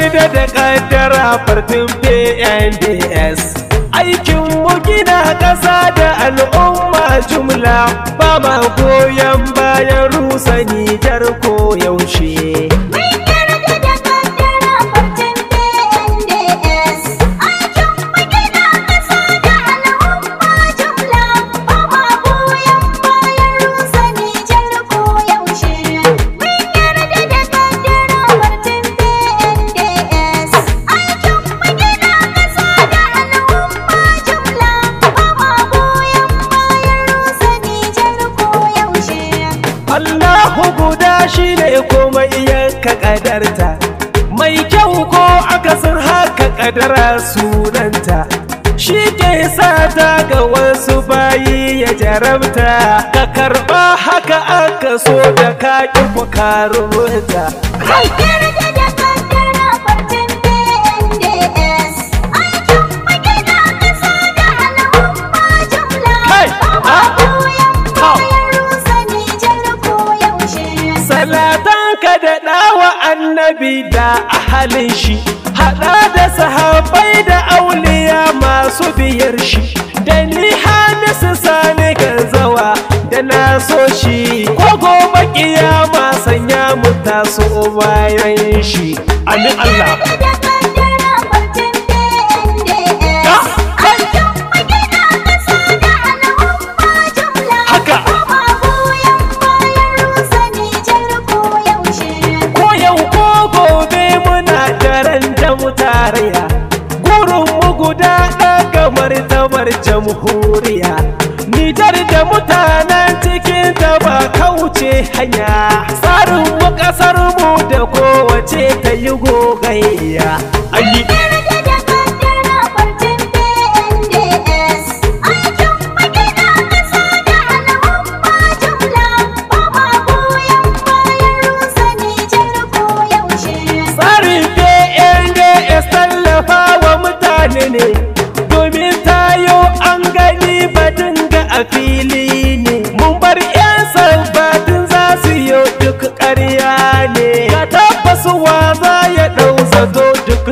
yarda da kaddara fardin PNDS aikin mu gina ƙasa da al'umma jumla ba ma goyon bayan rusa nijar ko yaushe Allahu guda shi ne komai yanka kadarta mai kyau ko akasin haka kadara sunanta shi ke ta ga wasu bayi ya jarabta ka karba haka aka so da ka ƙi ku Salatan ka daɗa wa annabi da ahalin shi, haɗa da sahabai da auliya masu biyar shi, da ni hadisu sani zawa da na shi, ko goma ƙiyama sanya mu taso bayan shi. Amin Allah. guda kamar martabar jamhuriya nijar da mutanen cikin ta ba kauce hanya tsarin mu ƙasar mu da kowace ta yi gogayya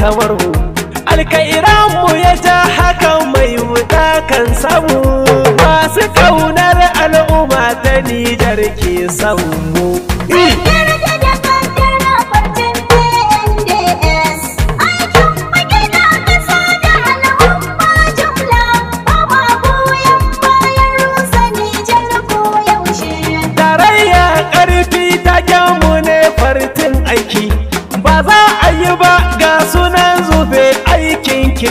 kamar mu alkairan ya ja haka mai wuta kan samu masu kaunar al'umma ta nijar ke samu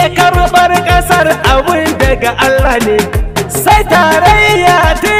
ya karbar kasar abun daga Allah ne sai tarayya ta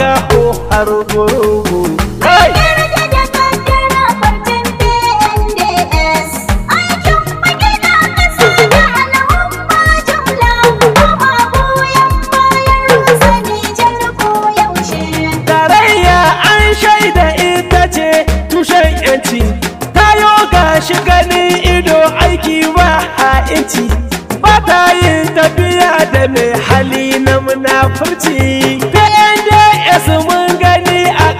Acabou, oh, parou, morou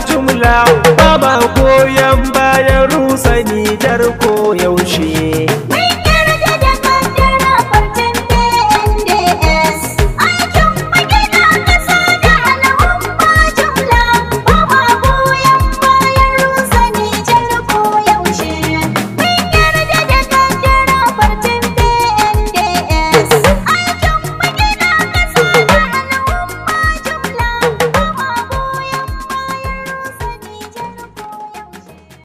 jumla ba ma koyi